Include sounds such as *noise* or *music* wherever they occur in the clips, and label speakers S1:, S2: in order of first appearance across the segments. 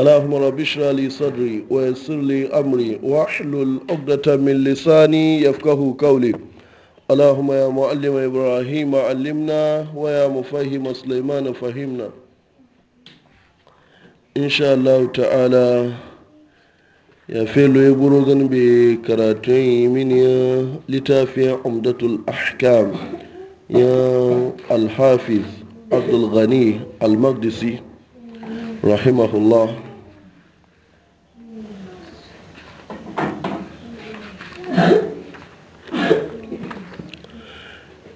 S1: اللهم رب اشرح لي صدري ويسر لي امري واحلل عقدة من لساني يفقه قولي اللهم يا معلم ابراهيم علمنا ويا مفهم سليمان فهمنا ان شاء الله تعالى ya felo ya guro ganin bai karatun yi mini littafin umdatul ahkam ya alhafiz abdulghani al-maqdisi rahimahullah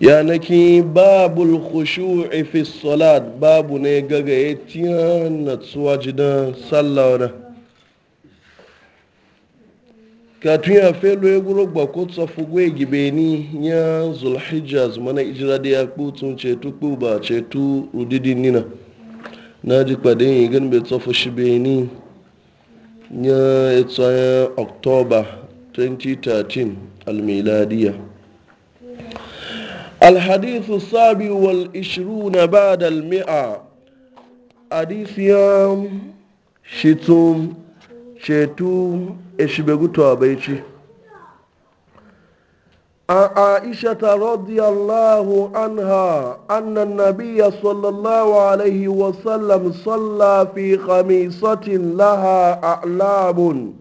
S1: ya naki babul khushu fi salat babu ne gaga ya tiya natsuwa jidan sallah wani katun ya felo ya guro gbako tsofu gwe gibe ni ya zulhijjaz mana ijira da ya kutun cetu kuba cetu rudidin nina Na ji yi gan be tsofo shi be ni nya etsa october 2013 almiladiya alhadithu sabi wal ishiru na ba da almi'a adisiya shitun shetu e shi begutu عن عائشة رضي الله عنها أن النبي صلى الله عليه وسلم صلى في خميصة لها أعلام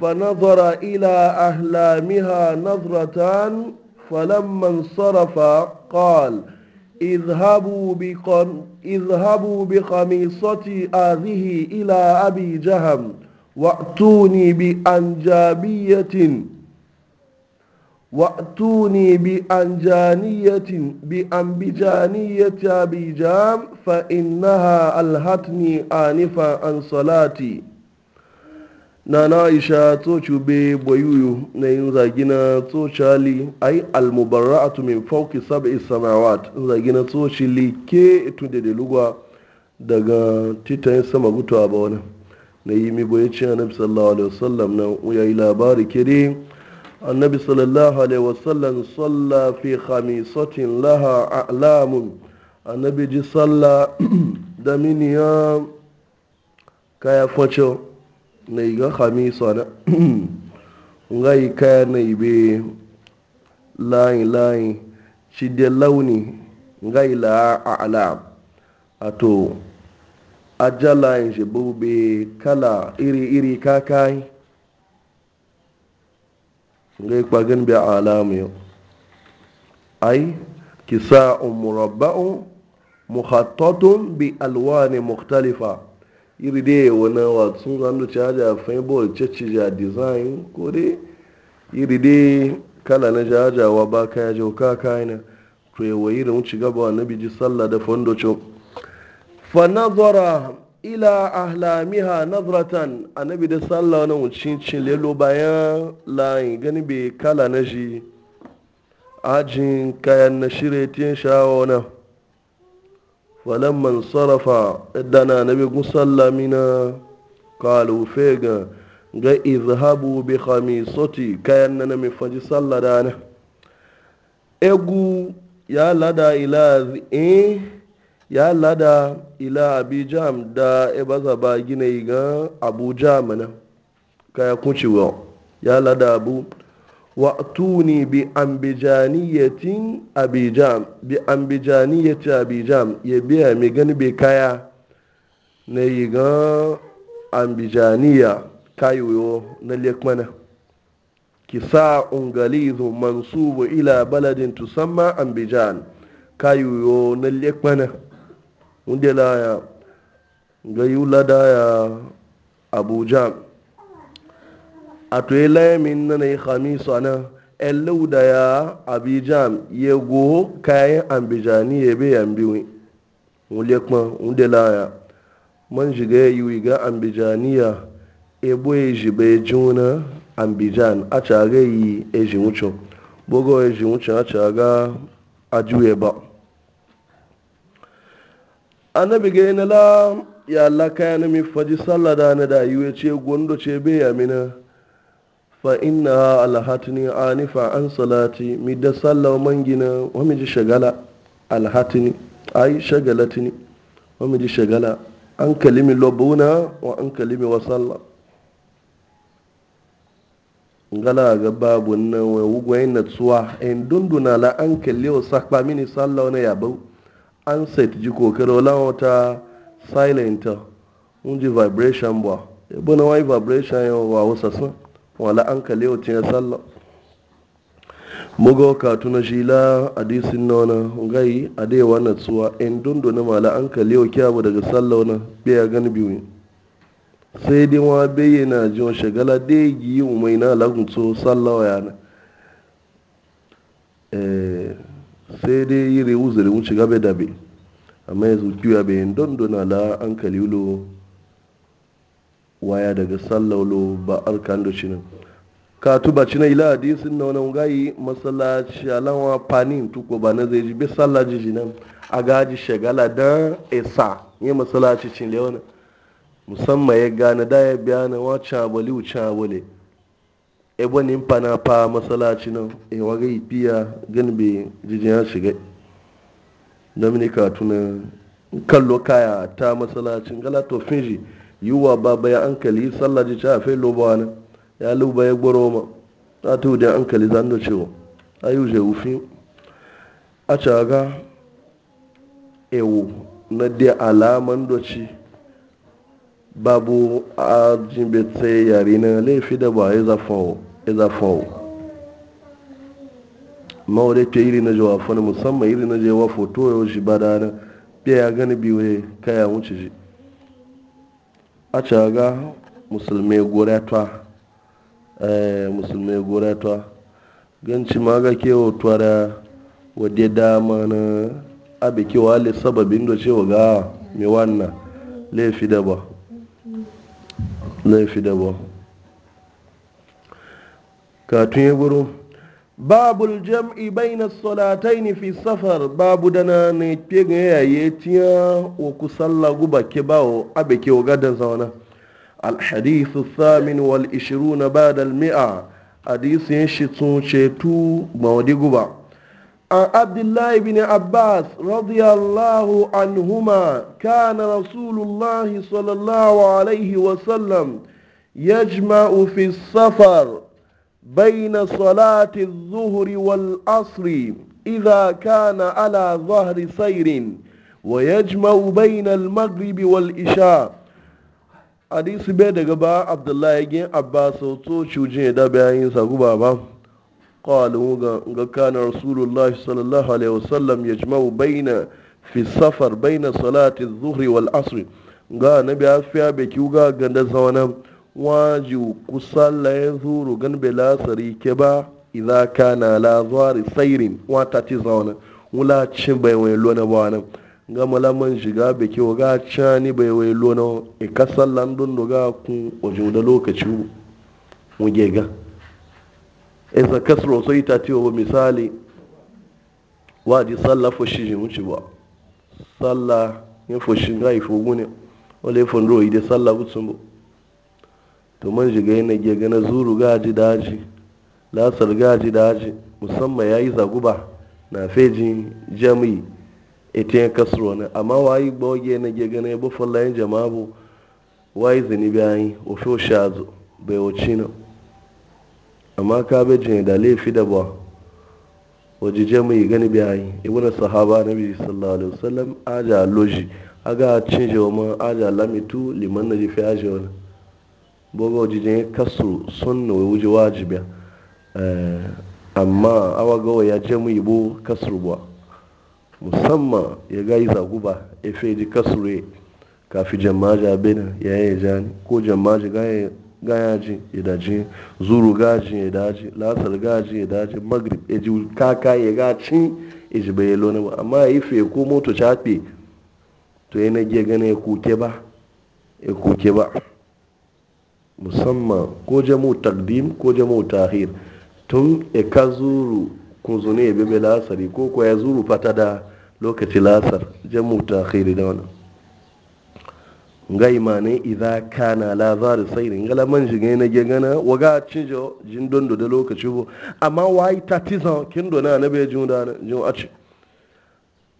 S1: فنظر إلى أهلامها نظرة فلما انصرف قال اذهبوا بقم اذهبوا بقميصتي هذه إلى أبي جهم وأتوني بأنجابية واتوني بأنجانية بأنبجانية بجام فإنها ألهتني آنفا عن صلاتي نانا عائشة توشو بي بويويو نين زاجينا توشالي أي المبرعة من فوق سبع السماوات زاجينا توشي لي كي تندي لغوا daga titan sama gutuwa ba wani na yi mi boye cin annabi sallallahu alaihi wasallam nan ya yi النبي صلى الله عليه وسلم صلى في خميصة لها أعلام النبي جي صلى دمينيا كايا فوتشو نيغا خميصة ngai kaya na *clears throat* ibe layi layi shi da launi ngai la a'lam ato ajala yin shi bube kala iri iri kakai ngai kpagin bi alamu yau ai kisa'un murabba'un muhattatun bi alwani mukhtalifa iri ya wani watsun zandu caja fainbol ceccija design ko dai iri ya kala na wa ba ka ya ka kaina to yawayi da wuce gaba na biji sallah da fondocin fa nazara ila ahlamiha nazratan annabi da sallah wani wucin cin lelo bayan layin gani bai kala na shi ajin kayan na shirya tiyan shawo na. falon sarrafa dana nabi gun sallah mina kalu fega ga izhabu bi khamisati kayan na na mifaji sallah dana egu ya lada ila eh ya lada ila abijam da ibaza e ba gina ga abuja mana kaya kucewa ya lada abu wa tuni bi ambijaniyatin abijam bi ambijaniyatin abijam ya biya mai gani bai kaya na yi ga ambijaniya kayoyo na lekmana kisa ungalizu mansubu ila baladin tusamma ambijan kayoyo na lekmana wunde laya ga e yi lada ya abuja a to yi layamin na na yi hamisu ana elu da ya abuja ya e go kayan ambijani ya e bi yan biyu wunde kuma wunde laya man shiga ya yi ga ambijaniya ebo ya ji bai juna ambijan a caga yi ejin wucin bugawa ejin wucin a caga a juye ba annabi ga yana la ya Allah kaya na mi faji sallah da na da yiwe ce gondo ce bai ya mina fa inna a anifa an salati mi da sallah man gina wa mi ji shagala alhatini ai shagalatini wa mi ji shagala an kalimi lobuna wa an kalimi wa sallah ngala ga babu nan wa wugwayin tsuwa in dunduna la an kalli wa sakpa mini sallah na yabau an set ji kokaro lawata silent un ji vibration ba ebe na wai vibration yau wa wasa sun wala an kale wata ya sallo mugo ka tuna shi la hadisin nona gai ade wannan tsuwa in dundu na mala an kale wa kyabu daga sallo na biya gani biyu sai dai wa bayyana wa shagala da yi umai na lagunto sallo ya yana eh sai dai yi zai uzuri wuce gabe dabe amma yanzu kiwa bayan dondona la an kalilu waya daga sallaulo ba arkan da nan ka tuba na ila hadisin na wani gayi masallaci alawa panin tuko ba na zai ji bi sallaji nan a gaji shagala don esa yi masallaci cin lewana musamman ya gane da ya biya na wa cabali abali ebe nin na fa masalaci nan e waga ipiya gani be ya shiga dominica tuna kallo kaya ta masalacin galato finji yiwa ba bayan ankali sallaji ta fe lobawa na ya luba ya gboro ma ta ta an ankali zan da cewa ayu je ufi a caga ewu na da alaman doci babu a jimbe yare na laifi da ba a yi zafawo maori ke iri na jawafa na musamman iri na jawa foto ya wuce ba da na biya ya gani biyu kaya wuce shi a caga musulmai goratuwa eh, musulmai goratuwa ganci ma ga kewa tuwara wadda dama na abe kewa le da cewa ga mewanna wannan laifi da ba nan fi katun ya guru babu jam'i bai na solatai ni fi safar babu dana na ke gaya ya tiya wa kusan laguba ke ba wa abeke wa gadon alhadisu samin wal ishiru na ba dalmi'a ya shi tun ceto ba wadi guba عن عبد الله بن عباس رضي الله عنهما كان رسول الله صلى الله عليه وسلم يجمع في السفر بين صلاة الظهر والعصر إذا كان على ظهر سير ويجمع بين المغرب والإشاء حديث بيد عبد الله بن عباس وتوشوجين دابعين ساقوا بابا قالوا كان Sallallahu alaihi wa sallam عليه وسلم يجمع بين في السفر salatin صلاة الظهر والعصر ga nabi afiya be kiu ga ganda zauna waji kusal la yazuru gan be la sari ke ba idza kana la zuwari sairin wa tati zawana wula cin bai wani lona ba wana ga malaman shiga be kiu ga cani bai wani lona e kasal landun do ga kun wajen da lokaci mu ge ga eza kasro so ita ce wa misali wa ji sallah fushi ji wuce ba sallah ya fushi ga ifo gune wala ya fondo ide sallah gutsun ba to man ji yi na ge gana zuru gaji daji lasar gaji daji musamman ya yi zaguba na fejin jami'i ita ya kasro ne amma wayi gboge na ge gana ya bufalla yin jama'a bu wayi zini bayan ofo shazo bai wuce na amma kabeji ne da laifi da ba wajije mai gani ibu na sahaba biyu sallallahu alaihi wasallam aja loji aga cinje wa man aja lamitu liman na jifi aji wani boga wajije kasu sun na wuji wajibiya eh, amma awa gawa ya je mu ibo kasru ba musamman ya ga yi zaguba efe ji re kafi jama'a jabe na ya yi jani ko jama'a ga gayaji idaji zuru gaji idaji lasar gaji idaji magrib eji kaka ya gaci eji bai lona ba amma yi fe ko moto chape to yana ge gane ya kuke ba ya e kuke ba musamman ko jamu takdim ko jamu tahir tun e ka zuru kun zune ya e bebe lasari ko kwaya ya zuru fata da lokaci lasar jamu tahir da wannan ngai mane idza kana la zar sairin gala man jige na ge gana waga cijo jin dondo da lokaci bo amma wai tatiza kin dona na be jin da jin aci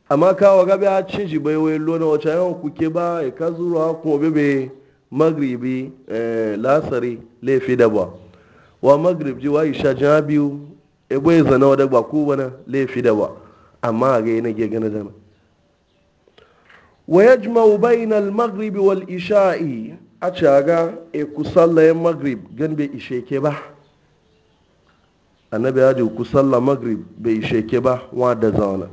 S1: amma ka waga be aci ji bai wai lona wata yau kuke ba e ka zuwa ko be be magribi eh, lasari le fi da ba wa magrib ji wai sha jabiu e boye zana wada ba ku bana le fi da ba amma ga yana ge gana dana wa jima bayna al-maghrib wal isha'i a caga e ku sallayen maghrib gan bai ishe ke ba annabi ya ji ku salla maghrib bai ishe ke ba wa da zauna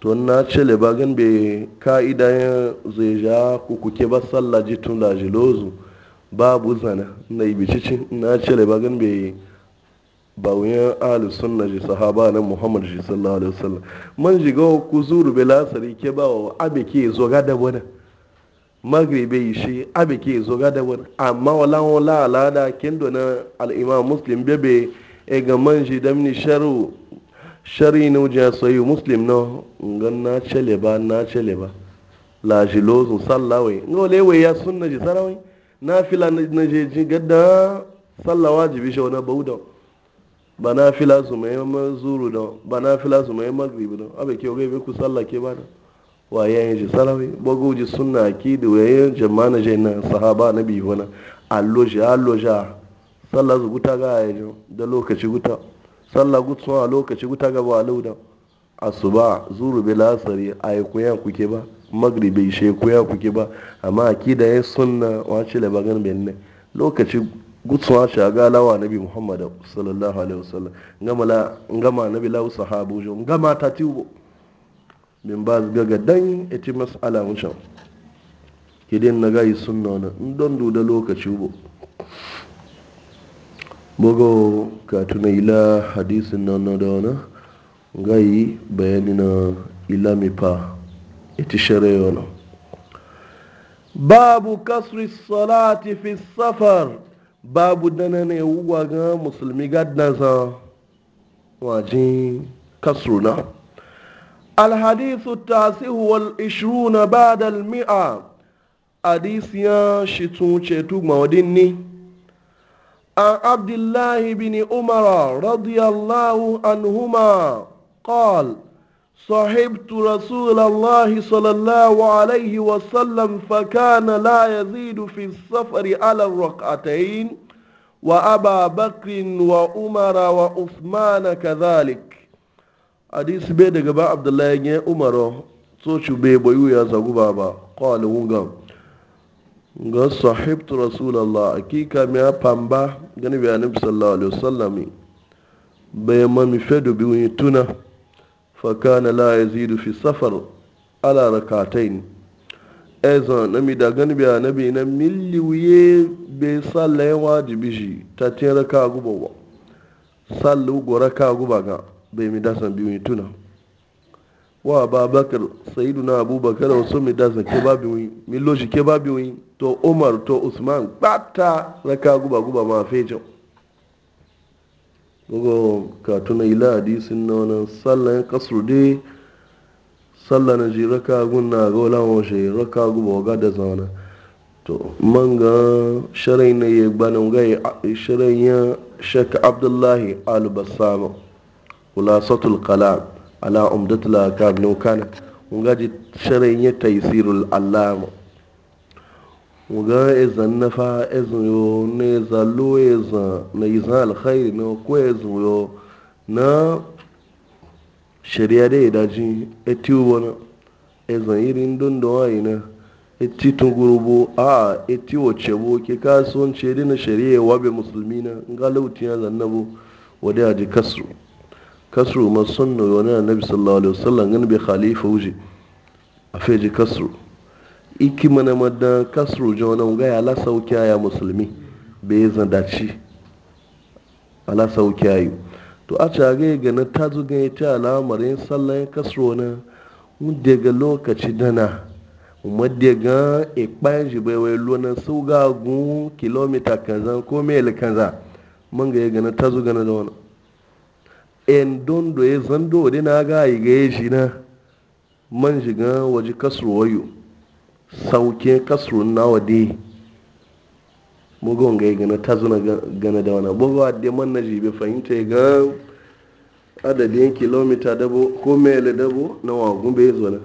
S1: to na le ba gan bai ka'ida ya zai ja ku kuke ba salla ji tun lajilozu babu zana na ibici na le ba gan bai ba wuyan ahalus sunna ji sahaba na muhammad shi sallallahu alaihi wasallam man jiga ku zuru be lasari ke ba wa abe ke zo ga da wani magribe shi abe ke zo ga da wani amma wala wala alada kendo na al-imam muslim bebe e ga man ji ni sharu shari na wujen sayi muslim na ngan na cele ba na cele ba la ji lozu sallawai ngole wai ya sunna ji sarawai na fila na je ji gadda sallawa jibi shi wani baudan bana fila su mai zuru da bana fila su mai magribi da abe ke oge be ku sallake ba da wa yin shi salawi bogo ji sunna ki da yayin jama'a je na sahaba na bi wani alloja alloja sallah su guta ga yayin da lokaci guta sallah a lokaci guta ga ba lauda asuba zuru bil asri ay ku ya kuke ba magribi she ku ya kuke ba amma ki da yin sunna wace le bagan benne lokaci gutsuwa shaga lawa nabi muhammad sallallahu alaihi wasallam ngama la ngama nabi lawu sahabu jo ngama tatiwo min ba gaga dan eti mas'ala wucin kidin na gayi sunna wannan don duda lokaci bo bugo ka tuna ila hadisin nan da wani gayi bayani na ila mipa ita shari'a wani babu kasri salati fi safar babu dana ne wuwa ga musulmi gadna za wajen kasruna alhadithu tasihu wal ishruna ba'da al mi'a shi tun cetu ni an abdullahi bin umara radiyallahu anhuma qala صحبت رسول الله صلى الله عليه وسلم فكان لا يزيد في السفر على الركعتين وأبا بكر وعمر وعثمان كذلك حديث بيد غبا عبد الله ين عمر سوچو بي بيو يا زغو بابا قال ونغا غا صحبت رسول الله حقيقة ما بامبا غني بيان صلى الله عليه وسلم بما مفدو بيوني تونه fakana la yazidu fi safar ala rakatain aiza na mi da gani biya na bi na milli wuye be salla ya wajibi shi ta tin raka guba wa salla ugo raka guba bai mi dasan biyu tuna wa babakar sayyiduna abubakar wasu mi dasan ke ba biyu mi loji ke ba biyu to umar to usman bata raka guba guba ma fejan gogo katuna ila hadisin na wani sallan kasru dai sallan na shi raka gun na ga wala wa shi raka guba ga da zauna to man ga sharai na ya gbanin ga sharai ya shaka abdullahi al-bassam khulasatul kalam ala umdatul akam no kana mun ga ji sharai ya taysirul allama ga ezan na fa ezun yo ne zalo ezan na izan alkhairi na ko ezun yo na shari'a da ya daji etiwo wani ezan irin don da wayi na eti tun bo, a eti wace bo ke kasuwanci dina shari'a wabe musulmi na ga lautiya zannabo wadda ya ji kasu kasu masu sunna wani gani bai a kasu iki mana madan kasru jona ga ya la saukiya ya musulmi be zan dace ala saukiya yi to a ce ga ga na ta zuga ya alamar yin sallan kasro na wanda ga lokaci dana umadde ga ikpan shi bai wai lona su ga gun kilomita kaza ko mil kaza man ga ya ga na ta zuga na da wani en don do ya e zan do na ga yi ga shi na man shiga waje kasro wayo sauke kasurun nawa dai mugun ga gana ta zuna gana da wani bugu a de man na jibe fahimta ya ga adadin kilomita dabo ko mele dabo na wagun bai zo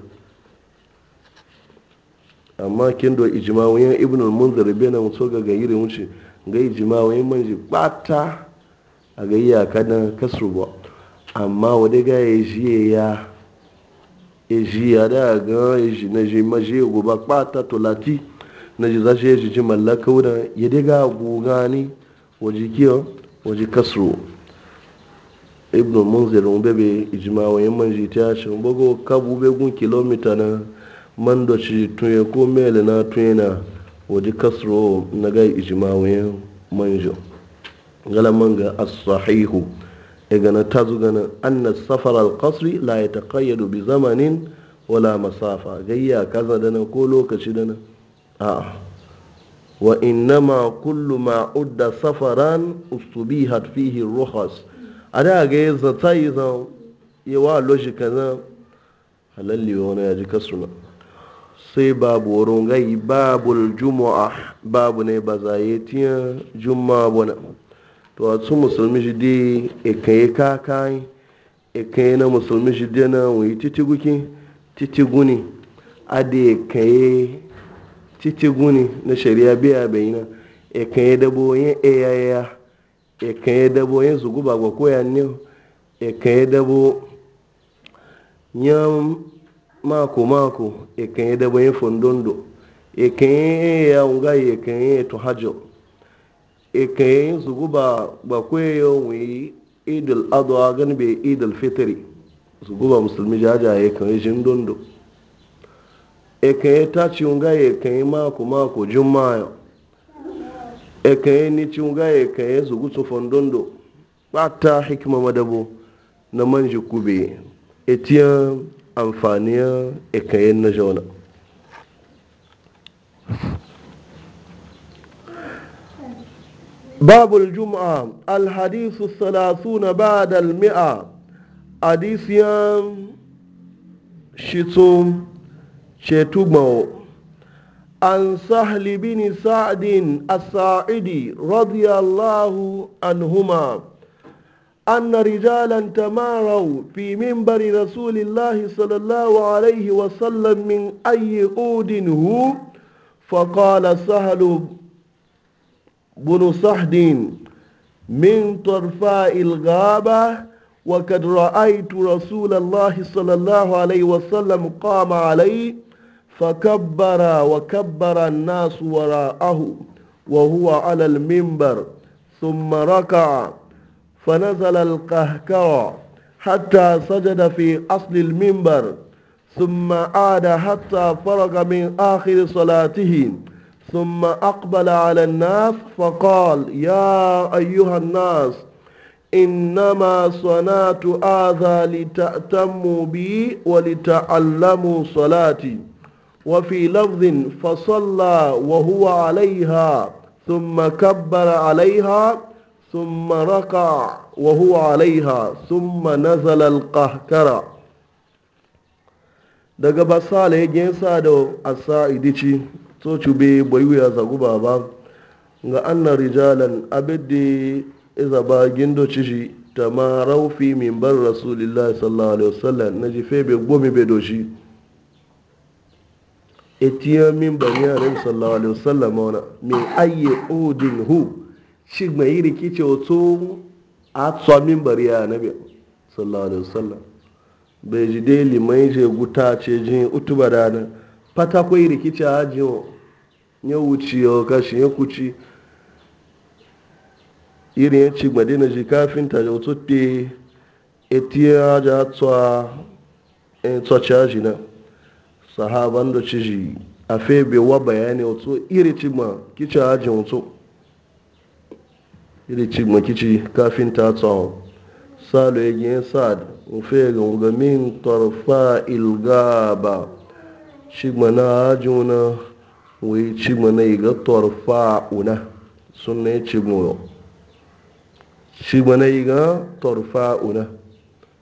S1: amma kin do ijma'oyin ibn al-munzir bai na mutu ga ga irin wuce ga ijma'oyin manji bata a ga iyaka na kasur ba amma wadai ga ya jiye ya eji ya da ga eji na ji maje goba kpata tolati na ji zaje eji ji mallaka wuda ya diga guga ni waje kiyo waje kasro ibn munzir mun bebe ijma wa yamman ji ta shi bogo kabu be gun kilomita na man do shi tuye ko mele na tuye na waje kasro na ga ijma wa yamman ji galaman ga as-sahihu gana ta zugana anna safar al-qasri la ya taƙayyadu bi zamanin wala masafa gayya kaza dana ko lokaci dana a'a wa ma kullu ma udda safaran ustubihat fihi ruhas a da ga yi zata yi zan yi wa loshi zan, halalli wani ya ji na sai babu wurin gai babul juma'a babu ne ba zaye tiyan juma'a to a su musulmi shi di ikaye e kakai ikaye e na musulmi shi di na wuyi titiguki titiguni a da ikaye e titiguni na shari'a biya bai na ikaye dabo yin ayaya ikaye dabo yin zugu ba koya ne ikaye dabo yan mako mako ikaye dabo yin fundundu ikaye ya wunga ikaye to hajjo ikayen su guba ba kwayo wuyi idil adwa gan be idil fitri su guba musulmi jajaye kan jin dondo ikayen ta ciunga ikayen mako mako jumma'a ikayen ni ciunga ikayen su gutsu ba ta hikima madabo na manji kube etiyan amfaniyar ikayen na jauna باب الجمعة الحديث الثلاثون بعد المئة حديث يام شتو شتوغمو عن سهل بن سعد الساعدي رضي الله عنهما أن رجالا تماروا في منبر رسول الله صلى الله عليه وسلم من أي قود هو فقال سهل بن صحد من طرفاء الغابة وقد رأيت رسول الله صلى الله عليه وسلم قام عليه فكبر وكبر الناس وراءه وهو على المنبر ثم ركع فنزل القهكرة حتى سجد في أصل المنبر ثم عاد حتى فرغ من آخر صلاته ثم أقبل على الناس فقال يا أيها الناس إنما صنعت هذا لتأتموا بي ولتعلموا صلاتي وفي لفظ فصلى وهو عليها ثم كبر عليها ثم ركع وهو عليها ثم نزل القهكرة daga basala ya gensa da asa'idi ci so ci be bayu ya zagu baba ga anna rijalan da ya zaba gindo shi ta ma raufi min bar rasulillah sallallahu alaihi wasallam na ji fe be gomi be doshi etiyar min ya rai sallallahu alaihi wasallam mauna mai ayye udin hu shi shigma yiri kice wato a tsuwa min bar ya nabi sallallahu alaihi wasallam bai ji dai limai je guta ce jin utuba nan fata kwai rikici a jiwo ya wuce ya kashi ya kuci irin ya ci gbade na ji kafin ta jau tutte etiya ja tsoci aji na sahaban da ci ji a febe wa bayani wato iri ci ma kici aji wato iri ci ma kici kafin ta tsawo salo e ya sad sa'ad ofe ga ugamin torfa ilgaba shi ma na aji na wai ci mana ga torfa una sun ne ci mu ci mana ga torfa una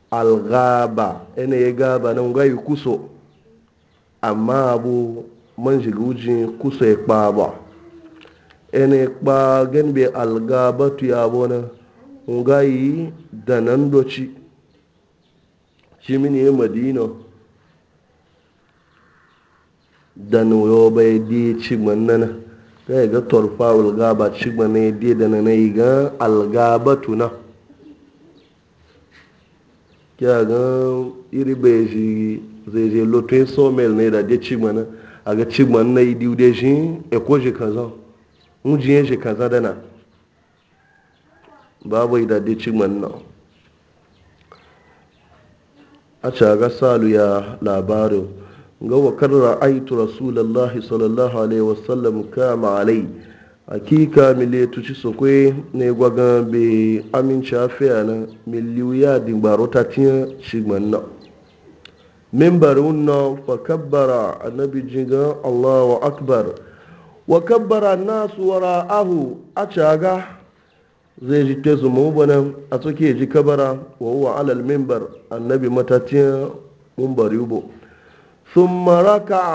S1: algaba ene ya gaba nan gai kuso amma abu man shiga wujin kuso ya kpa ba ya e kpa gan be algaba tu ya bona ngayi da nan doci ci mini madina da nuyo ya di cigban nana kai ga torfa ci cigban ya di da na yi ga algaba tuna kya ga iri bai shi zai je lotun somel ne da di cigban na a ga cigban na yi diwu da shi e ko shi kaza ya shi kaza da na babu ya da di cigban na a caga salu ya labarin ga wakar ra'aitu rasulallah sallallahu alaihi wasallam kama alai hakika tu ci sokwe ne gwagan be aminci afiya na miliyoya digbaro ta tiyan shigman na mimbarin na fakabbara annabi jigan allahu akbar wa kabbara nasu wara ahu a caga zai ji tezu mubanan a tsoke ji kabara wa huwa alal membar annabi matatiyan mumbar yubo ثم ركع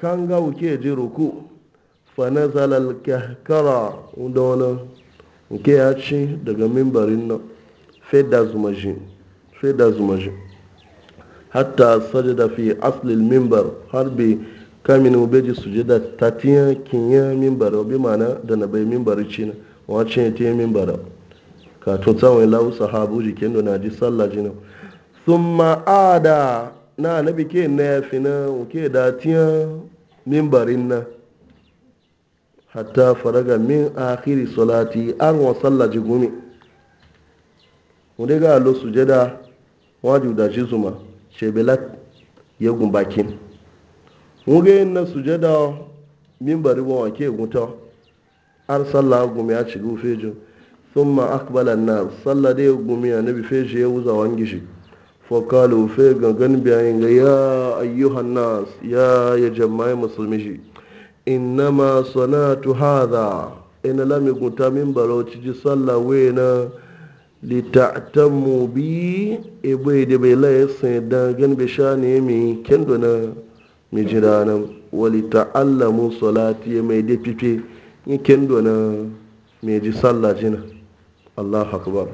S1: كان غو كيجي ركوع فنزل الكهكرة ودونا وكياتشي دقا منبرنا فيدا زمجي فيدا زمجي حتى سجد في أصل المنبر حربي kamin ubeji sujada tatiya kinya mimbara bi mana da na bai ci na, wacce ya tiye mimbara ka to tsawon lau sahabu jikin da na ji sallah jina sun maada na anabi ke na ya fi na ke da tiya mimbarin na hatta faraga min akhiri salati an wa sallah jigumi wani ga lo sujada waju da jizuma zuma shebelat ya gumbakin wani na sujada mimbari wa ke guta har sallah gumi a ci gufejin sun ma akbalan na sallah da ya gumi a nabi feji ya wuza wangishi fokalo fe gangan bayan ga ya ayyuhan nas ya ya jama'i musulmi shi innama sanatu hadha ina lami guta min barauci ji sallah wena lita'tamu bi ebe da bai laye sai da gan sha ne mi kendo na mi jiranan wali ta'allamu salati mai dafife fife ni kendo na mai ji sallah jina Allahu akbar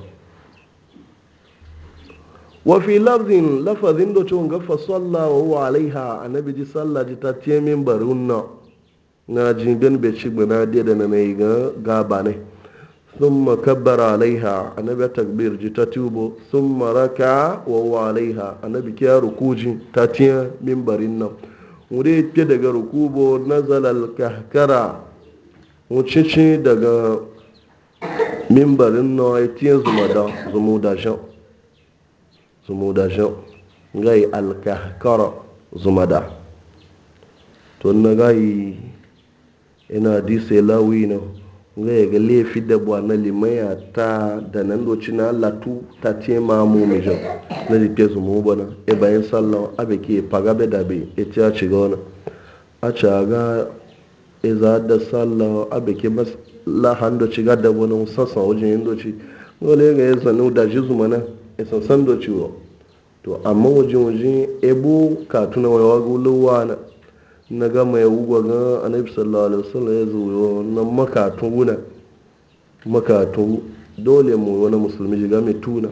S1: wafi lafzin lafazin da cin gafa salla wa huwa alaiha annabi ji salla ji ta ce min barun na na jibin bai ci gbana dai da na yi gaba ne sun makabbara alaiha biya takbir ji ta tubo sun maraka wa wa alaiha a na annabi kiya rukuji ta ce min barin na wuri ke daga rukubo nazalal kakara wucici daga mimbarin na ya tiye zuma da zumu da shan sumudajo ngai shan gai alkahkara zuma da tun na gai ina disa lawi na ngai ga laifi da buwa na limaya ta da nan doci na latu ta ce ma mu mai jan na jike zumu bana e bayan sallan abe ke pagabe da bai e ci a ci ga a ci ga e za da sallan abe ke lahan doci ga da wani sassan wajen yin doci dole ga ya e zanu da ji zuma e san san doci wa to amma waje-waje ebo tuna wayawa gulawa na na gama ya wugwa ga annabi sallallahu alaihi wasallam ya zuwa na makatun wuna makatun dole mu wani musulmi shiga mai tuna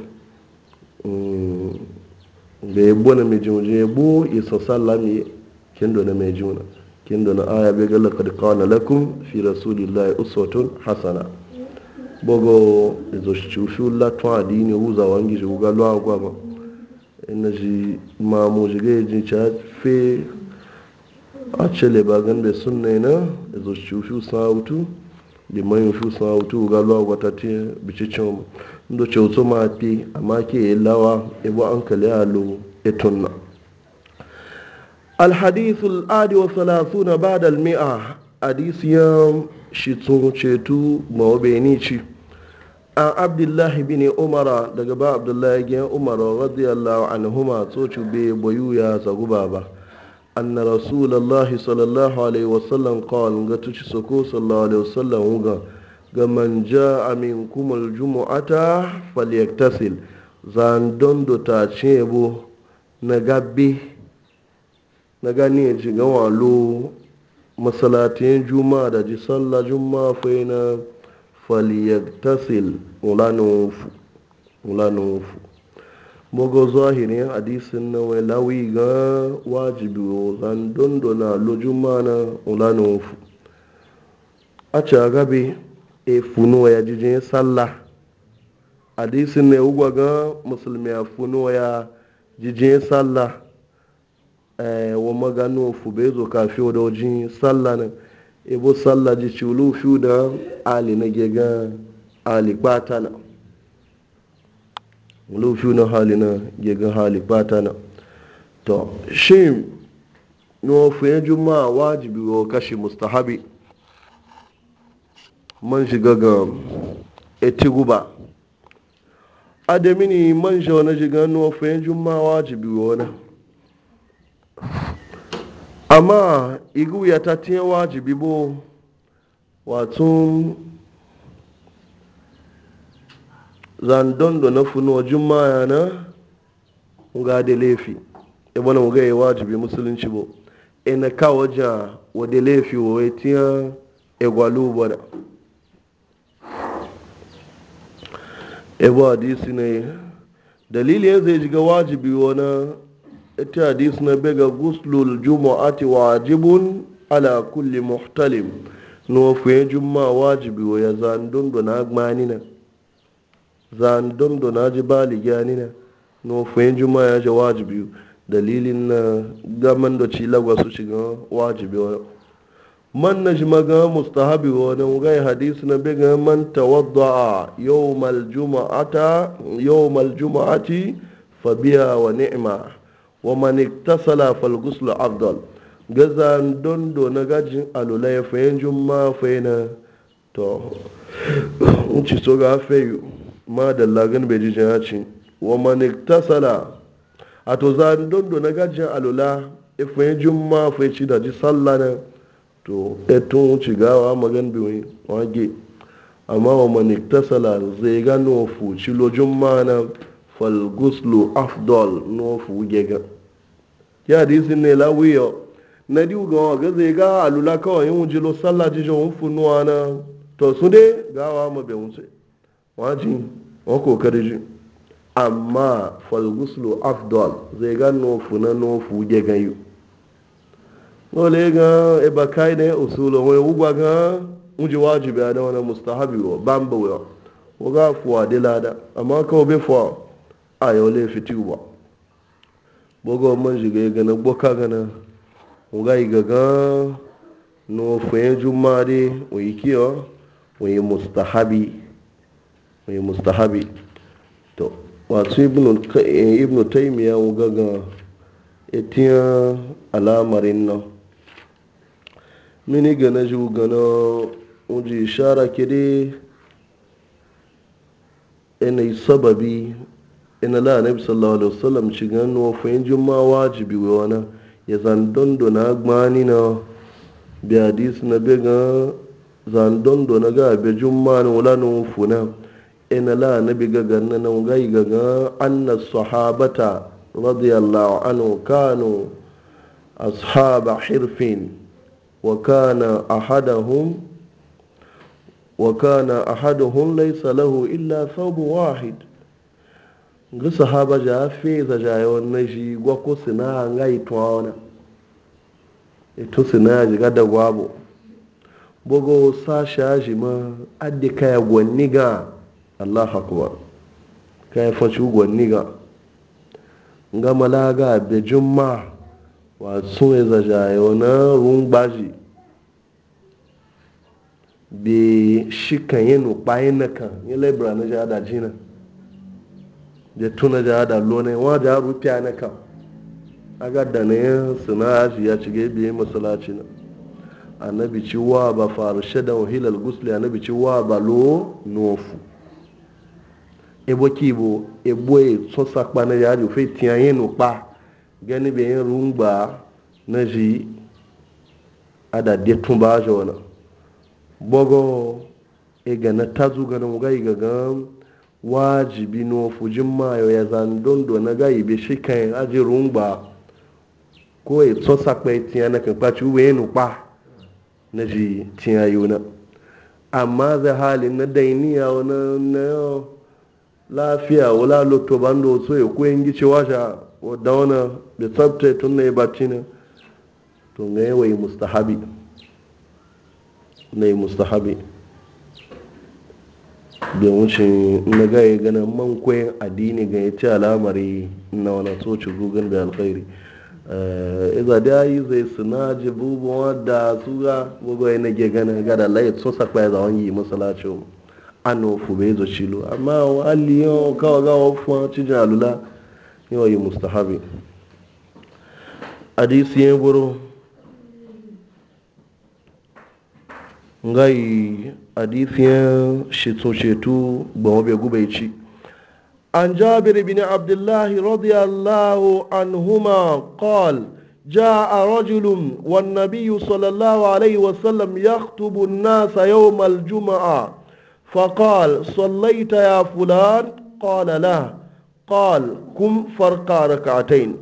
S1: da ya hmm. bona mai jinjin ya bo ya sassa lami kin dona mai juna kin dona aya bai galla kad qala lakun fi rasulillahi usotun hasana bogo izo shi chufu la to adini huza wangi shi galo agwa ba ina mamu jige ji ca fe a cele ba gan da sun na zo ci fi sa wutu da mai fi sa wutu ga lawa wata ti bici ndo che wutu ma fi amma ke e lawa ibo an kale a lo etun na الحديث الآدي وثلاثون بعد المئة حديث يام شتون شتو موبينيشي an abdullahi bin umara daga ba abdullahi gen umara radiyallahu anhuma so be bayu ya zaguba ba anna rasulullahi sallallahu alaihi wasallam qal ga tuci soko sallallahu alaihi wasallam ga ga man jaa minkum aljumu'ata falyaktasil zan dondo ta chebo na gabbe na gani ji ga walo masalatin juma'a da ji sallah juma'a fai na falyaktasil ulanufu bugu zahirin hadisin na wai lawi ga wajibi zan dondona lojin mana ulanufu a ci e funuwa ya jijin sallah hadisin na ugwa ga musulmi a funuwa ya jijin sallah eh, wa maganu fu bezo kafi wadojin sallah na ebo sallah ji culu fiu da ali na gega ali kpata na wulu fiu na hali na gega hali kpata na to shin no fiye juma wajibi wa kashi mustahabi man shiga ga etiguba ademini man shi wani shiga no fiye juma wajibi wa wani amma iguya ta tiye wajibi bo wato zandon da na funo jumaya na ga da laifi ibo na yi wajibi musulunci bo ina ka wajen wade laifi wa wai tiya egwalu bada ibo hadisi ne dalilin zai jiga wajibi na. ta hadis na bega guslul jumu'ati wajibun ala kulli muhtalim no fe juma wajibi wa ya zan dondo na gmani na zan dondo na ji gani na no fe juma ya ji wajibi dalilin na gaman da ci lagwa su shiga wajibi wa man na ji maga mustahabi wa nan ngai hadis na bega man tawadda'a yawmal mal yawmal jumu'ati fabiya wa ni'ma wa maniktasala falguslu afdal gaza dondo na gajin alula ya fayin juma fayina to ci so ga fayu ma da lagan bai jijin haci wa maniktasala a to zan dondo na gajin alula ya fayin juma fayi ci da ji sallah na to eto ci gawa magan biyu wage amma wa maniktasala zai gano fuci lojin ma na falguslu afdol n'ofu gega ya da isi ne lawiyo na diu ga wa gaze ga alula kawai yin wujilo sallah jijin wufu nuwa na to su dai gawa ma bai wuce wajin wa kokari ji amma falguslu afdol zai ga nofu na nofu gega yi wale ga eba kai da ya usulo wani wugwa ga wuji wajibi da wani mustahabi wa bamba wa waga fuwa dilada amma kawai bai fuwa a yau laifi ba bugu man shiga ya gana boka gana ga yi gaga na ofayen juma dai oyi kiyo oyi mustahabi oyi mustahabi to wasu ibnu taimiya ga etiyan alamarin nan mini gana ji gana uji shara kiri yanayi e sababi ina la nabi sallallahu alaihi wasallam ci gan wa fayin juma wajibi wa wana ya zan dondo na gbani na bi hadis na be ga zan dondo na ga be juma na wala no funa ina la nabi ga gan na ga ga ga anna sahabata radiyallahu anhu kanu ashaba hirfin wa kana ahadahum وكان أحدهم ليس له إلا ثوب واحد ga sahaba ja fi za ja yi na shi gwa ko sina nga yi tuwa wani ito e sina ya jiga da gwabo bugu sa sha shi ma addi kaya gwanni ga allah akbar kaya fashi gwanni ga nga malaga be jumma wa sun ya za ja yawan run gbaji bi shi kan yi nukpa yi na kan yi laibira na ja da jina da tuna da da lone wa da rufiya na ka aga da ne suna ya ci gebe masallaci na annabi ci wa ba farshe da wahilal gusli annabi ci wa ba lo nofu ebo kibo ebo e so sapa na ya ofe tian yin no pa gani be yin rungba na ji ada de tun ba jona bogo e gana tazu gana mugayi mu ga wajibi no fujin mayo ya zan dondo na gayi be shi kan aji rumba ko ya e tsosa kwai ti na kan ti we nu pa na ji ayo na amma za halin na dainiya wani na lafiya wala to bando so ya e engi gice washa wadda wani da tsabta tun na ya e bacci na to ga wai mustahabi na yi mustahabi na gana Beomushi nagayegana mankweng adiniga ete alamari na wana tsoci gugan bi alkhairi eh, iza dai zai suna ji bubuwa da suga gogo na gegana gada lai so sakpa za wangi masalacin an ofu bai zo cilo amma wa ali yau kawa ga ofu ci jalula yau yi mustahabi hadisi yin buru ngai adifiyar shito-shito ba wabe gube ci an jabir bin abdullahi radiyallahu an huma kal ja a rajulun wannabiyu sallallahu alaihi wasallam ya tubu nasa yau maljuma'a faƙal sallaita ya fulan ƙalala ƙal kun farka rakatain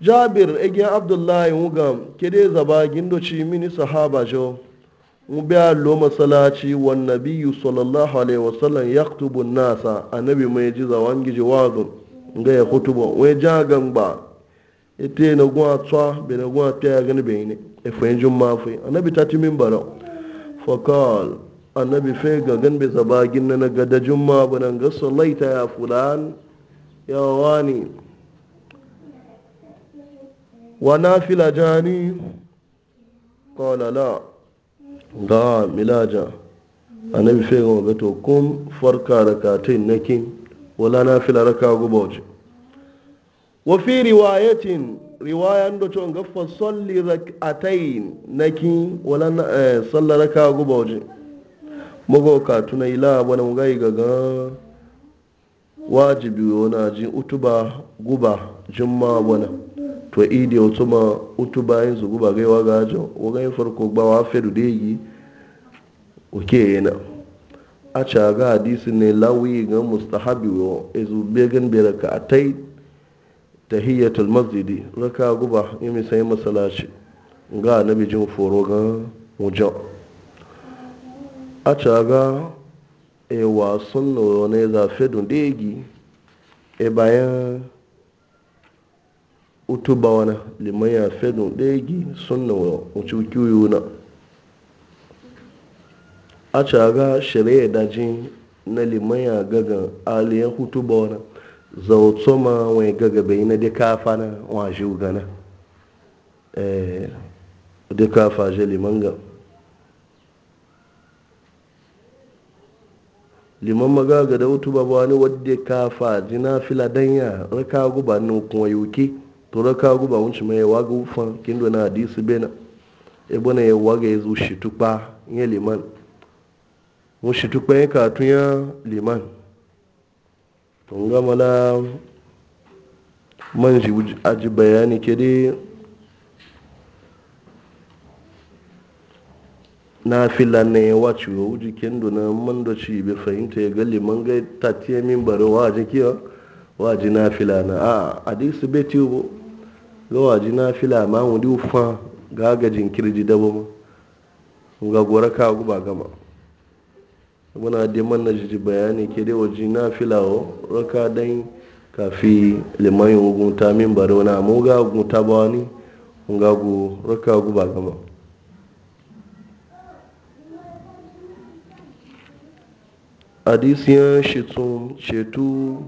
S1: jabir egiyar abdullahi wugan kede zaba gindoci mini sahaba joe Mu biya lo masalaci wan nabiyyu sallallahu alaihi wasallam yaktubu nasa annabi mai ji zawan giji wazo ga ya kutubo wai gan ba ite na gwa tsa be na gwa ta gani be ne e fayin jumma fai annabi ta ti min bara fakal annabi fe ga gan be gin na ga da ba nan ga sallaita ya fulan ya wani wa nafila jani qala la ga milaja na bife ga to kun farka da katin nakin wala na fila raka guba wace wafi riwayatin riwayan da cewa gafa salli rakatai nakin wala na eh, salla raka guba mago ka tuna ila wani gai gaga wajibi wani jin utuba guba jimma wani to idi wato ma utu bayan su ba gaiwa ga wani wagan farko ba wa fedu da yi oke yana a ga hadisi ne lawi ga mustahabi wa izu begin bai raka a tai tahiyyatul masjidi raka guba ya mai sayi masalaci ga nabi jin foro ga wujan a caga e wasan na wani zafe da yi e bayan utuba wani liman ya fedun ɗaya gi sunna wuce kiwo na a caga shari'a dajin na liman ya gaga aliyan hutuba wani zautu ma wani gaga bai na dika fana waje gana eh dika faje liman ga liman magaga da hutuba wani wadda ka faji na filadanya raka guba nukun yuki tura ka guba wuncin mai yawa ga wufan kindo na hadisi bena ebo na yawa ga ya zo shi tukpa liman mu shi tukpa ya katun ya liman tun gama la aji bayani ke na fila na yawa ciwo wuji kindo na man da fahimta ya ga liman ga tatiya min bari wa jiki wa ji fila na a hadisi bai gawa ji na fila ma wudi ufa ga gajin kirji dabo ma ga gora ka guba gama muna da man na jiji bayani ke dai waje na fila o raka dan kafi liman yin ogun ta min bare wani amma ga ogun ta ba wani ga go raka guba gama hadisiyan shi tun ceto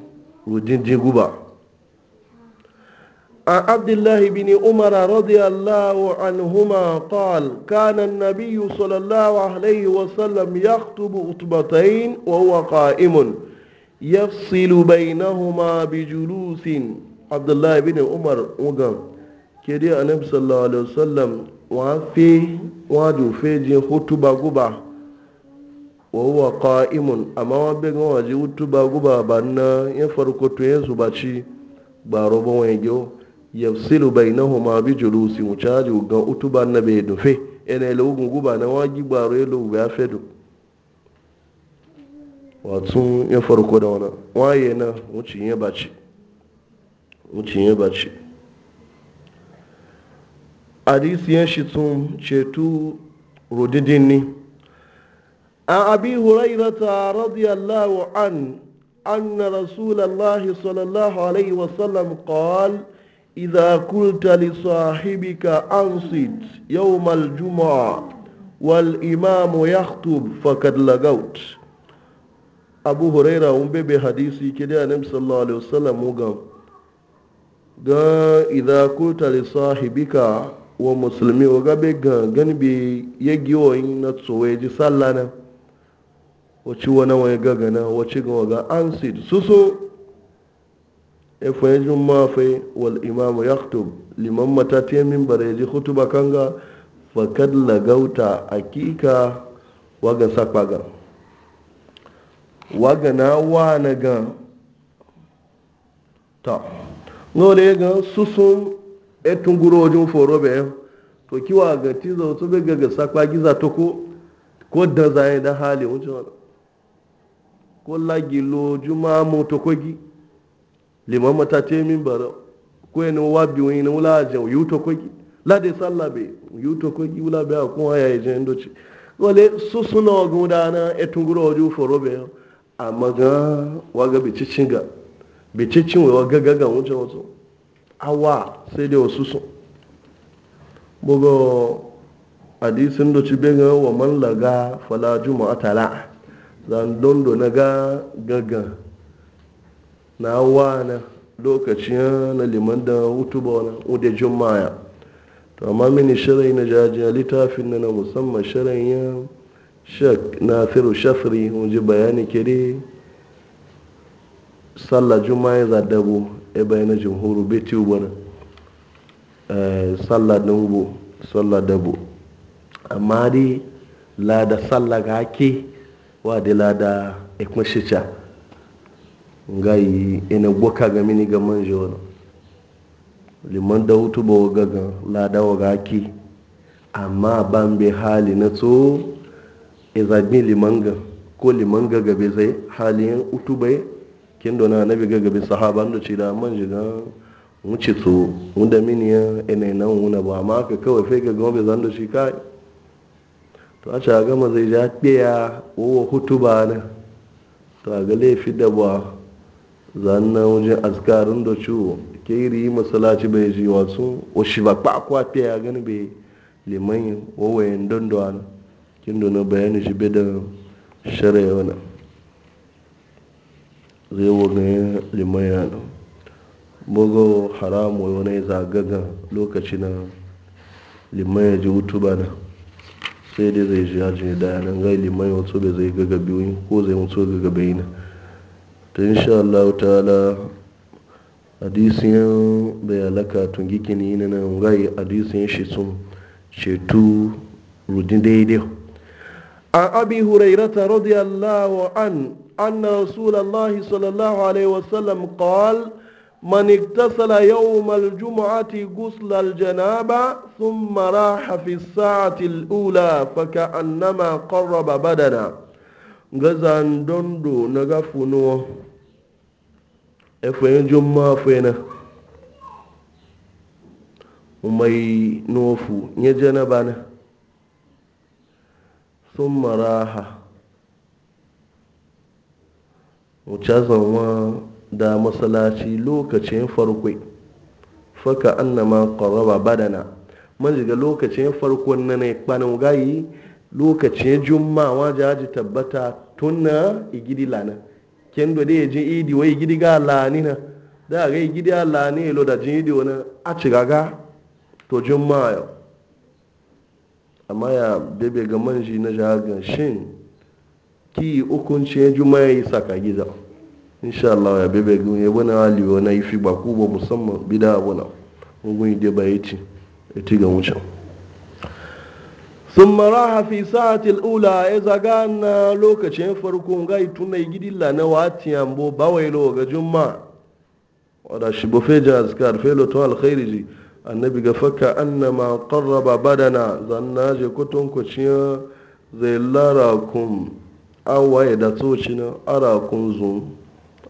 S1: rudin guba عن عبد الله بن عمر رضي الله عنهما قال كان النبي صلى الله عليه وسلم يخطب خطبتين وهو قائم يفصل بينهما بجلوس عبد الله بن عمر وقال كده النبي صلى الله عليه وسلم وفي واجو في خطبة قبع وهو قائم أما وبين وجه خطبة قبع بأن يفرق تيسو باشي بارو بوين جو yafsilu bainahuma bi julusi mucaji ga utuba na be dofe ene lo guba na waji gbaro lo ba Wa watun ya farko da wani waye na wucin ya bace wucin ya bace hadisi ya shi tun cetu rudidin ni an abi ta radiyallahu an anna rasulallahi sallallahu alaihi wasallam qala إذا قلت لصاحبك أنصت yau الجمعة wal يخطب Yaktub لغوت abu huraira un bebe hadisi ke da annabi sallallahu alaihi wasallam ga ga idza kuta li sahibika wa musulmi wa gabe ga gani na tsowe ji sallah na wani wani gaga na wace ga waga an su so efayin juma fai wal imamu ya liman mata te min bare ji ba kanga fakad lagauta akika waga sakpaga waga na wana ga ta ngole ga susun etun gurojin foro be to kiwa ga tizo to be ga sakpa giza to ko ko da zai da hali wuce ko lo juma mu to gi liman matace min bara ko yana wabi wani na wula ajan yuto koki lade salla be yuto koki wula be a kuma ya yi jan doci wale su suna ogun dana etun gura waje foro be a maga waga bicicin ga bicicin wa waga gagan wuce wasu awa sai dai wasu sun bugo hadisin doci be ga wa man laga fala juma'a tala zan dondo na ga gagan na wana lokaci na liman da hutu ba wani ude jumaya to amma mini shirai na jajiya littafin na musamman shirai ya shek na firu shafiri ji bayani kere sallah jumaya za dabo e bayan jimhuru beti ubana sallah na eh, sallah dabo amma dai lada sallah ga ake wa da lada ikwashica e ngayi ina gwaka ga mini ga manje wani liman da hutu ba wa gaga lada wa gaki amma ban bai hali na tso izagbin e liman ga ko liman ga gabe zai halin hutu bai kin dona na bi ga gabe sahaba da ce da manje ga wuce tso wanda mini ya e ina nan wuna ba amma ka kawai fai ga gobe zan da shi kai to a ce a gama zai ja ɗaya wa hutu ba na to a ga laifi da ba zanna wajen azkarin da ciwo kairi masalaci bai ji wasu shi ba kwa kwa ya gani bai liman wawayen don da wani kin dono bayani shi bai da shari'a wani zai wani liman na bugu haramu wani zagaga lokaci na liman ya ji hutu na sai dai zai ji ajiye da yanan gai liman ya wato bai zai gaga biyu ko zai mutu gaga bai na to sha Allah ta'ala hadisiyan da ya laka tun gikini na nan gai hadisiyan shi sun ceto rudin daidai an abi hurairata radiyallahu an anna rasulullahi sallallahu alaihi wasallam qala من اغتسل يوم الجمعة غسل الجنابة ثم راح في الساعة الأولى فكأنما قرب بدنا غزان دندو نغفنوه ekwenye jom ma fena mai nofu nye janaba na sun maraha wuce zanwa da masalaci lokacin farko faka annama qarraba badana man daga lokacin farkon na ne kpanin gayi lokacin jumma waje haji tabbata tun tunna igidi lana kendo de je idi wai gidi ga ni na da ga gidi ga ni lo da je idi wani a ga to ma mayo amma ya bebe ga manji na ga shin ki hukunci juma ya yi saka gida insha Allah ya bebe gun ya wani ali wona yi fi ba ku ba musamman bida wani mugun ide ba ya ci ya ci ga wucin sun mara hafi sa'atil ula ya zaga na lokacin farko ga itu mai gidilla na wati yambo bawai lo ga juma wadda shi bufe jazkar felo to alkhairi ji annabi ga faka annama karraba badana zanna je kutun ku zai lara kun awaye da na ara kun zo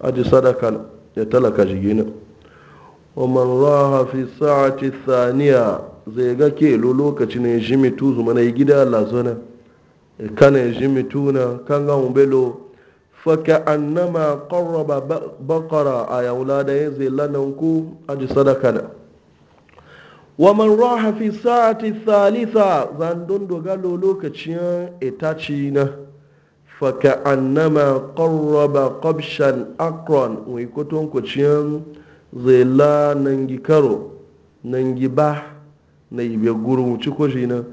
S1: aji sadaka ya talaka jigina wa man raha fi sa'ati thaniya zai ga ke lo lokaci ne shi mitu zuma yi gida Allah zona e kana shi mitu na kan ga mu belo fa ka annama qarraba baqara a yaula da yin zai lanan ku aji sadaka na wa man raha fi sa'ati thalitha zan dondo ga lo lokacin itaci e na fa ka annama qarraba qabshan akron wai kotun ku ciyan zai lanan gi karo nan gi ba na ibe gurun ci ko shi na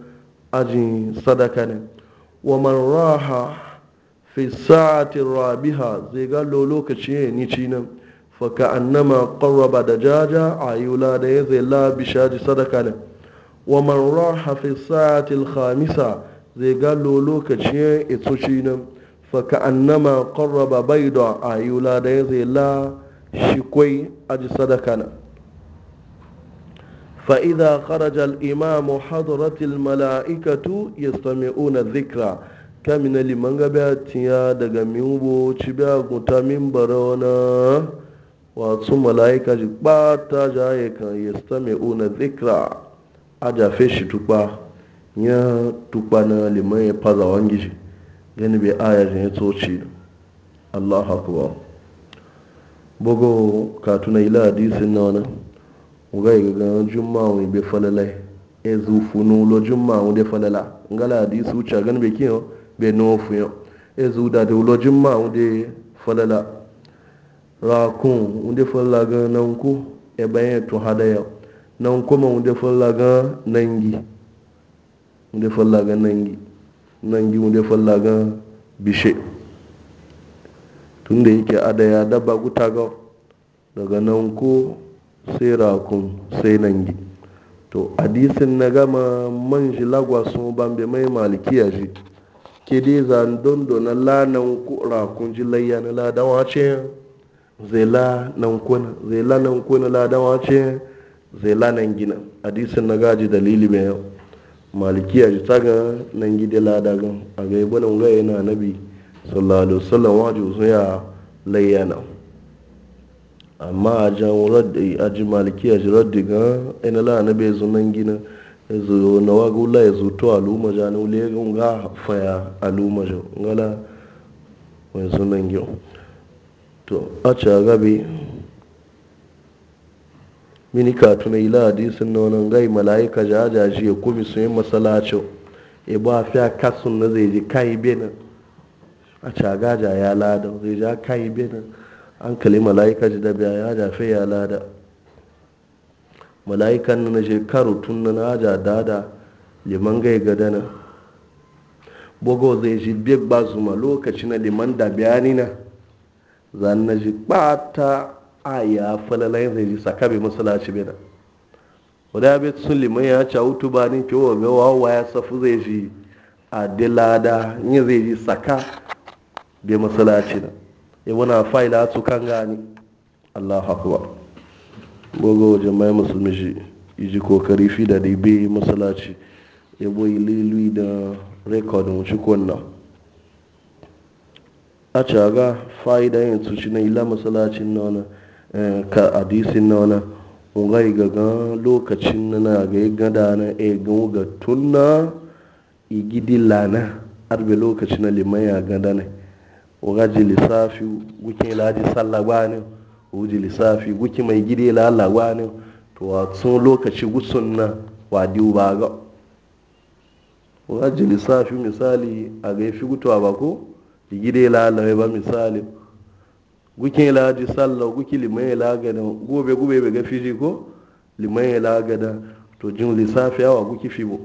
S1: ajin sadaka ne wa man raha fi sa'ati rabiha zai ga lo lokaci ne ni ci nan fa ka annama qarraba da jaja ayula da ya zai la bishaji sadaka ne wa man raha fi sa'ati khamisa zai ga lo lokaci ne ito ci nan fa ka annama qarraba bayda ayula da ya zai la shi kwai aji sadaka na. فإذا خرج الإمام حضرت الملائكة يستمعون الذكرى كمن لمن باتيا دغ ميوبو تشبيا غوتا برونا واتسو ملائكة باتا جايكا يستمعون الذكرى أجا فيش تقبا يا تقبانا لمن يبازا وانجيش جنبي آية يتوشي الله أكبر بوغو كاتونا إلى حديث النونه nga yi ga juma'a bai falala e zufu no lo juma'a de falala ngala su ucha gan be kiyo be no fu yo e zu da de lo juma'a de falala ra kun unde falala ga nan ku e bayan to hadaya nan kuma unde falala ga nangi unde falala ga nangi nangi unde falala ga bishe tunda yake adaya dabba gutaga daga nan ko sai rakun sai nangi to hadisin na gama man shi lagwa ban bambe mai malikiya shi ke dai zandon do na lanan rakun ji layya na ladawa ce zai lanan kuna zai lanan kuna ladawa ce zai lanan gina hadisin na gaji dalili mai yau malikiya shi ta ga nan gida ladagan a gaibunan gaya na nabi sallallahu alaihi wasallam wajen sun ya layyana amma a jan raddi a ji malikiya ji ga ina la na bai zo nan gina zo na wa wula ya zo to aluma ja na wule ga nga faya aluma ja ngala wai zo nan gyo to a ci a gabi mini ka tuna ila hadisin na wani gai mala'ika jajaji ya kumi su yi masalacin ya ba fi a kasun na zai ji kan yi benin a ci a gaja ya lada zai ji a kan yi benin an kali mala'ika ji da biya ya jafe ya lada mala'ikan na je karo tun na na ja dada liman gai gadana bogo zai ji big ba su ma lokaci na liman da ni na zan na ji bata a ya yin zai ji sakabe masalaci bena wadda bai sun liman ya ca hutu ba ni wa mai wawa ya safu zai ji a dilada yin zai ji saka bai masalaci na wana faida su kan gani allah akbar gogo jama'i musulmi shi iji kokari fi da ribe masalaci yabo ililui da rekodin cikon na a caga fa'ida yin su shi na ila masalacin nana eh, ka hadisin nana ga gan lokacin na ga yi gada na e eh, gan ga tunna igidi lana arbe lokacin na limaya ga gada ne waga ji lissafi gukin laji sallah gbani wuji lissafi guki mai gidi lalla gbani to wato lokaci gusun na wadi ba ga waga ji lissafi misali a ga fi gutuwa ba ko gidi lalla ba misali gukin laji sallah guki limai da gobe gobe bai ga fiji ko limai da to jin lissafi yawa guki fi bo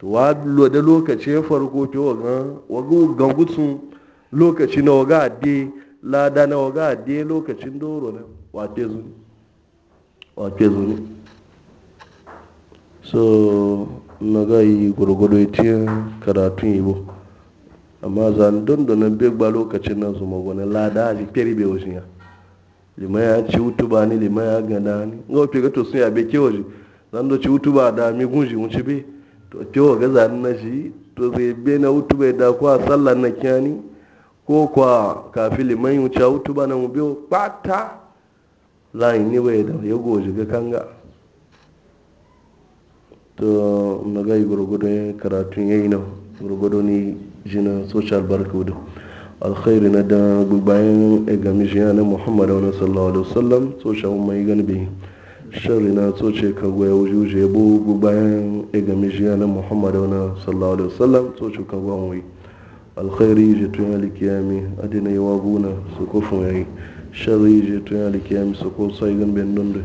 S1: to wa da lokaci farko ke wa ga gutsun lokaci na waga de lada na waga de lokacin doro na wate zuni wate zuni so na ga yi gwargwado ya karatun yi bo amma zan dundunan begba lokacin nan zuma gwani lada a jikperi bai wajen ya lima ya ci hutu ba ni lima ya gana ni nga wafi gato sun yabe kewaji zan do ci hutu ba da mi gunji wunci bai to kewa ga zanen na shi to zai be na hutu bai da kuwa sallan na kyani ko kwa kafin liman yi wuce ba na mubiyo ɓata layin ni bai da ya goji ga kanga to na gai gurgudu ya karatun ya yi na gurgudu ni jina social barcode alkhairi na da igami egamishiya na muhammadu wani sallallahu alaihi wasallam social mai ganibi shari na tsoce ka goya wuce ya gubayen igami egamishiya na muhammadu wani sallallahu alaihi wasallam tsoce ka goya alkhairi yi je tun yali kiyami adina yi wabuna su ko fun yayi shari yi je tun yali kiyami su ko sai gan bin dundu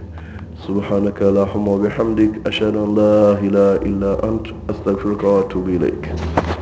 S1: subhanaka bihamdik ashhadu an illa ant astaghfiruka wa atubu